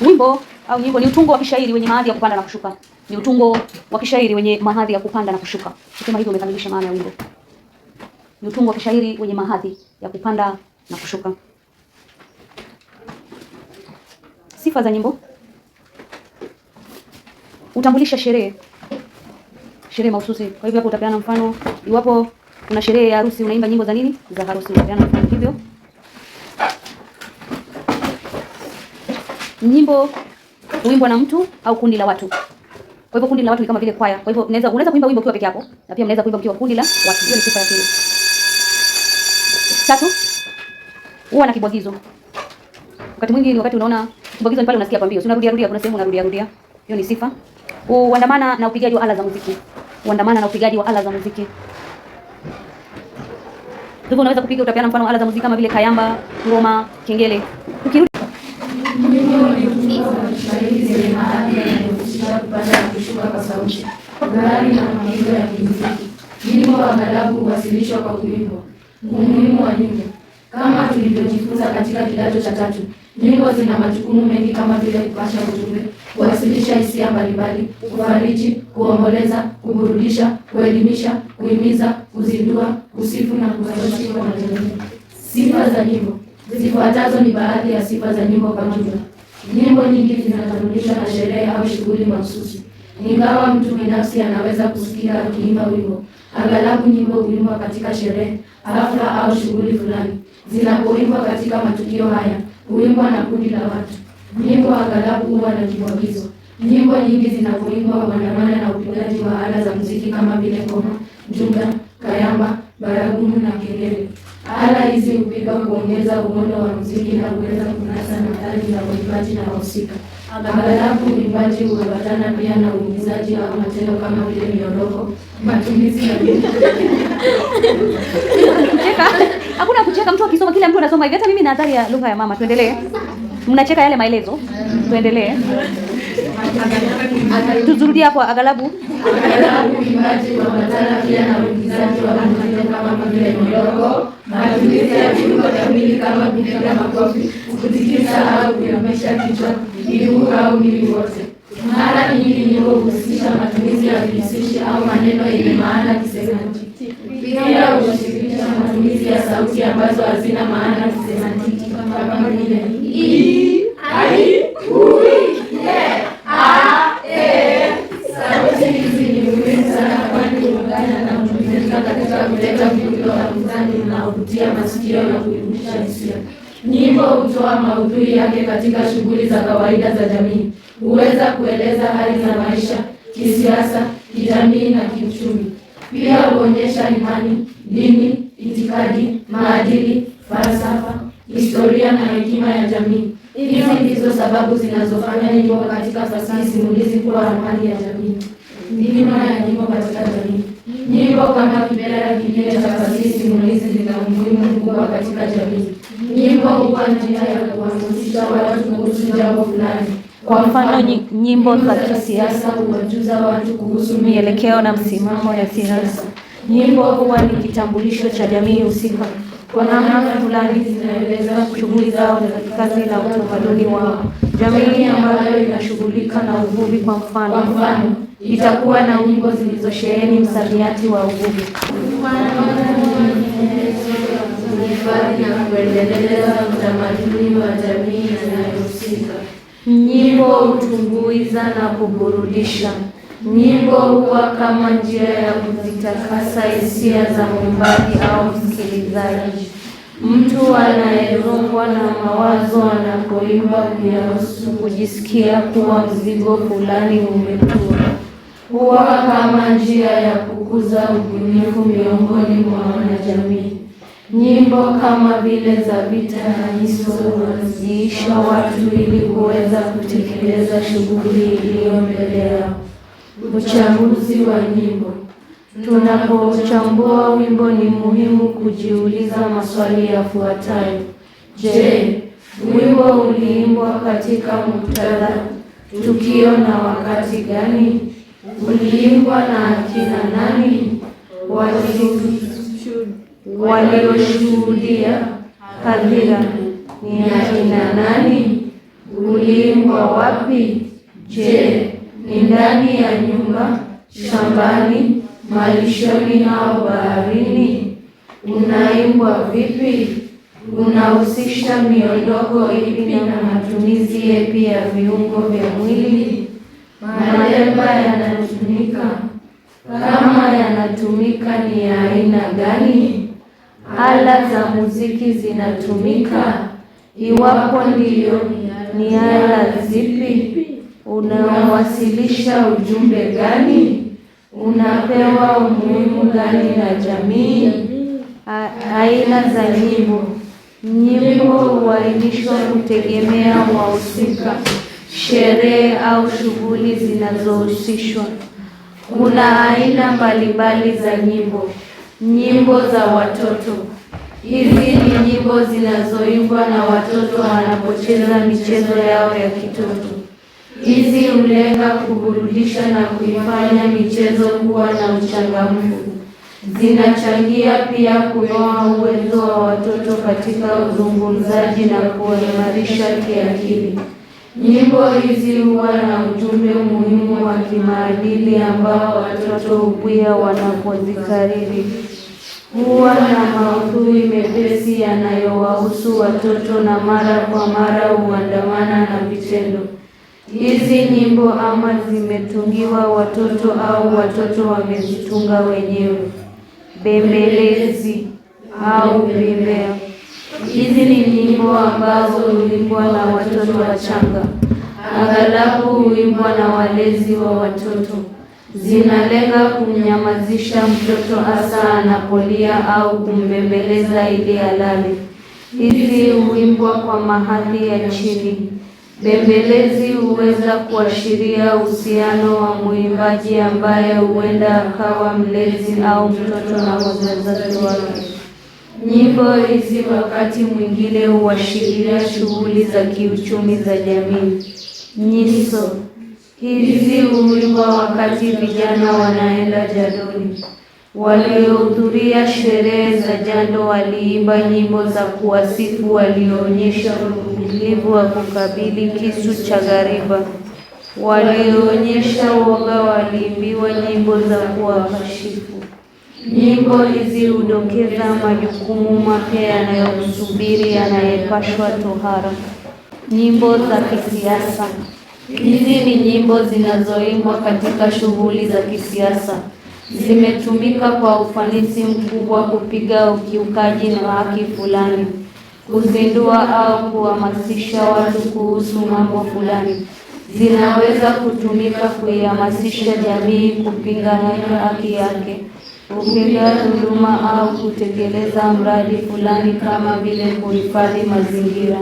Wimbo au nyimbo ni utungo wa kishairi wenye mahadhi ya kupanda na kushuka. Ni utungo wa kishairi wenye mahadhi ya kupanda na kushuka. Kusema hivyo umekamilisha maana ya wimbo. Ni utungo wa kishairi wenye mahadhi ya kupanda na kushuka. Sifa za nyimbo utambulisha sherehe, sherehe mahususi. Kwa hivyo hapo utapeana mfano, iwapo kuna sherehe ya harusi, unaimba nyimbo za nini? Za harusi, utapeana mfano hivyo. nyimbo huimbwa na mtu au kundi la watu. Kwa hivyo kundi la watu ni kama vile kwaya. Kwa hivyo unaweza unaweza kuimba wimbo ukiwa peke yako na pia unaweza kuimba ukiwa kundi la watu. Hiyo ni sifa ya pili. Tatu, huwa na kibwagizo. Wakati mwingi wakati unaona kibwagizo ni pale unasikia kwa Si unarudia rudia, kuna sehemu unarudia rudia. Hiyo ni sifa. Uandamana na upigaji wa ala za muziki. Uandamana na upigaji wa ala za muziki. Hivyo unaweza kupiga, utapeana mfano ala za muziki kama vile kayamba, ngoma, kengele. Ukirudi Mlima ulitukuka ukashahidi zenye mahali yanayohusisha kupanda na kushuka kwa sauti, gari na maigo ya kimuziki. Wimbo wa huwasilishwa kwa kuimbwa. Umuhimu wa nyimbo kama tulivyojifunza katika kidato cha tatu, nyimbo zina majukumu mengi kama vile kupasha ujumbe, kuwasilisha hisia mbalimbali, kufariji, kuomboleza, kuburudisha, kuelimisha, kuhimiza, kuzindua, kusifu na kusaoshi kwa majamii. Sifa za nyimbo Zifuatazo ni baadhi ya sifa za nyimbo kwa jumla. Nyimbo nyingi zinajumlishwa na sherehe au shughuli mahususi. Ingawa mtu binafsi anaweza kusikia akiimba wimbo, aghalabu nyimbo huimbwa katika sherehe, hafla au shughuli fulani. Zinapoimbwa katika matukio haya, huimbwa na kundi la watu. Nyimbo aghalabu huwa na kibwagizo. Nyimbo nyingi zinapoimbwa huandamana na upigaji wa ala za muziki kama vile ngoma, njuga, kayamba, baragumu na kelele. Ala hizi hupika kuongeza umoja wa muziki na kuweza kunasa nadhari za waimbaji na wahusika. Aghalabu uimbaji huambatana pia na uingizaji au matendo kama vile miondoko, matumizi ya hakuna kucheka. Mtu akisoma kile mtu anasoma hivi. Hata mimi na athari ya lugha ya mama. Tuendelee, mnacheka yale maelezo, tuendelee. Tuzurudie hapo aghalabu. Aghalabu uimbaji kuambatana pia na uigizaji wa maneno kama vile mdogo, matumizi ya viungo vya mwili kama kupiga makofi, kutikisa au kuyombesha kichwa, miguu au mwili wote. Mara nyingi nyimbo huhusisha matumizi ya vihisishi au maneno yenye maana kisemantiki. Pia hushirikisha matumizi ya sauti ambazo hazina maana kisemantiki kama vile kutia masikio na kuibunisha hisia. Nyimbo hutoa maudhui yake katika shughuli za kawaida za jamii, huweza kueleza hali za maisha, kisiasa, kijamii na kiuchumi. Pia huonyesha imani, dini, itikadi, maadili, falsafa, historia na hekima ya jamii. Hizi ndizo sababu zinazofanya nyimbo katika fasihi simulizi kuwa ramani ya jamii, dhima ya nyimbo katika jamii. Nyimbo kama Kibera Kimele cha fasihi simulizi zina umuhimu mkubwa katika jamii. Nyimbo huwa njia ya kuwahamasisha watu kuhusu jambo fulani. Kwa mfano, nyimbo za kisiasa huwajuza watu kuhusu mielekeo na msimamo ya siasa. Nyimbo huwa ni kitambulisho cha jamii husika kwa namna fulani zinaeleza shughuli zao za kikazi na utamaduni wao. Jamii ambayo inashughulika na uvuvi kwa mfano itakuwa na nyimbo zilizosheheni msamiati wa uvuvi kuhifadhi na kuendeleza utamaduni wa jamii inayohusika. Nyimbo hutumbuiza na kuburudisha. Nyimbo huwa kama njia ya kuzitakasa hisia za mwimbaji au msikilizaji. Mtu anayerungwa na mawazo anapoimba kuyahusu kujisikia kuwa mzigo fulani umetua, huwa kama njia ya kukuza ubunifu miongoni mwa wanajamii. Nyimbo kama vile za vita na hizo huwaziisha watu ili kuweza kutekeleza shughuli iliyo mbele yao. Uchambuzi wa nyimbo. Tunapochambua wimbo, ni muhimu kujiuliza maswali yafuatayo: Je, wimbo uliimbwa katika muktadha, tukio na wakati gani? Uliimbwa na akina nani? Walioshuhudia hadhira ni akina nani? Uliimbwa wapi? Je, ni ndani ya nyumba, shambani, malishoni au baharini? Unaimbwa vipi? Unahusisha miondoko ipi na matumizi yapi ya viungo vya mwili? Malemba yanatumika kama yanatumika, ni ya aina gani? Ala za muziki zinatumika? Iwapo ndiyo, ni ala zipi? unawasilisha ujumbe gani? Unapewa umuhimu gani na jamii? Aina za nyimbo. Nyimbo huainishwa kutegemea wahusika, sherehe au shughuli zinazohusishwa. Kuna aina mbalimbali za nyimbo. Nyimbo za watoto. Hizi ni nyimbo zinazoimbwa na watoto wanapocheza michezo yao ya kitoto. Hizi hulenga kuburudisha na kuifanya michezo kuwa na uchangamfu. Zinachangia pia kunoa uwezo wa watoto katika uzungumzaji na kuwaimarisha kiakili. Nyimbo hizi huwa na ujumbe muhimu wa kimaadili ambao watoto hupia wanapozikariri. Huwa na maudhui mepesi yanayowahusu watoto na mara kwa mara huandamana na vitendo. Hizi nyimbo ama zimetungiwa watoto au watoto wamezitunga wenyewe. Bembelezi au bimbea hizi ni nyimbo ambazo huimbwa na watoto wachanga, aghalabu huimbwa na walezi wa watoto. Zinalenga kumnyamazisha mtoto, hasa anapolia au kumbembeleza ili alale. Hizi huimbwa kwa mahali ya chini Bembelezi huweza kuashiria uhusiano wa mwimbaji ambaye huenda akawa mlezi au mtoto na wazazi wake. Nyimbo hizi wakati mwingine huashiria shughuli za kiuchumi za jamii. Nyiso hizi huimbwa wakati vijana wanaenda jadoni. Waliohudhuria sherehe za jando waliimba nyimbo za kuwasifu, walioonyesha uvumilivu wa kukabili kisu cha ghariba, walioonyesha woga waliimbiwa nyimbo za kuwakashifu. Nyimbo hizi hudokeza majukumu mapya yanayomsubiri anayepashwa tohara. Nyimbo za kisiasa hizi ni nyimbo zinazoimbwa katika shughuli za kisiasa zimetumika kwa ufanisi mkubwa kupiga ukiukaji na haki fulani, kuzindua au kuhamasisha watu kuhusu mambo fulani. Zinaweza kutumika kuihamasisha jamii kupinga haki yake, kupinga dhuluma au kutekeleza mradi fulani kama vile kuhifadhi mazingira.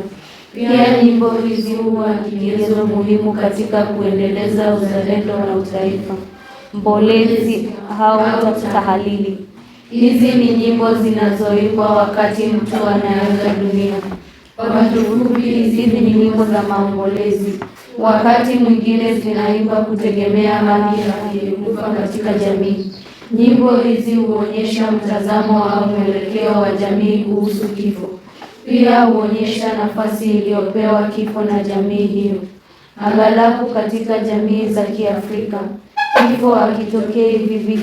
Pia nyimbo hizi huwa kigezo muhimu katika kuendeleza uzalendo na utaifa mbolezi au tahalili Hizi ni nyimbo zinazoimbwa wakati mtu anayeaga dunia. Kwa kifupi, hizi ni nyimbo za maombolezi. Wakati mwingine zinaimba kutegemea hali aliyekufa katika jamii. Nyimbo hizi huonyesha mtazamo au mwelekeo wa jamii kuhusu kifo. Pia huonyesha nafasi iliyopewa kifo na jamii hiyo. angalau katika jamii za Kiafrika Kifo hakitokee hivi hivi,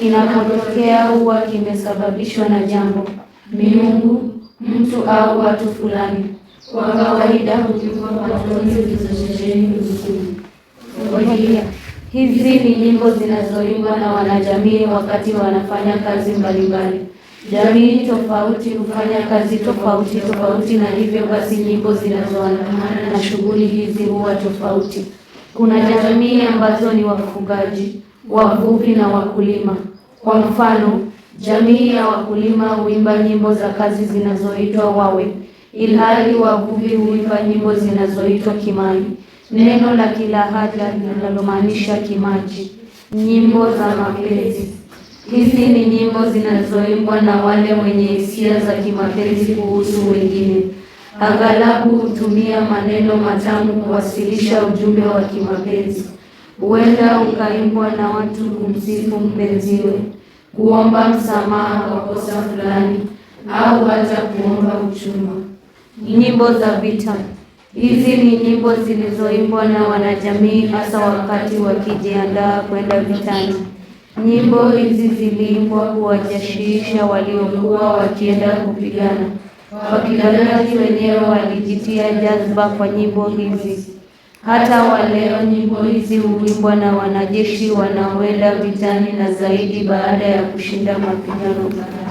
kinapotokea huwa kimesababishwa na jambo, miungu, mtu au watu fulani. Kwa kawaida hutungwa patoni zilizosheheni Hizi ni nyimbo zinazoimbwa na wanajamii wakati wanafanya kazi mbalimbali. Jamii tofauti hufanya kazi tofauti tofauti, na hivyo basi nyimbo zinazoandamana na shughuli hizi huwa tofauti. Kuna jamii ambazo ni wafugaji, wavuvi na wakulima. Kwa mfano, jamii ya wakulima huimba nyimbo za kazi zinazoitwa wawe, ilhali wavuvi huimba nyimbo zinazoitwa kimani, neno la Kilahaja linalomaanisha kimaji. Nyimbo za mapenzi hizi ni nyimbo zinazoimbwa na wale wenye hisia za kimapenzi kuhusu wengine aghalabu hutumia maneno matamu kuwasilisha ujumbe wa kimapenzi. Huenda ukaimbwa na watu kumsifu mpenziwe, kuomba msamaha kwa kosa fulani, au hata kuomba uchumba. Nyimbo za vita. Hizi ni nyimbo zilizoimbwa na wanajamii hasa wakati wakijiandaa kwenda vitani. Nyimbo hizi ziliimbwa kuwajashirisha waliokuwa wakienda kupigana. Wapiganaji wenyewe walijitia jazba kwa nyimbo hizi. Hata waleo nyimbo hizi huimbwa na wanajeshi wanaoenda vitani na zaidi baada ya kushinda mapigano.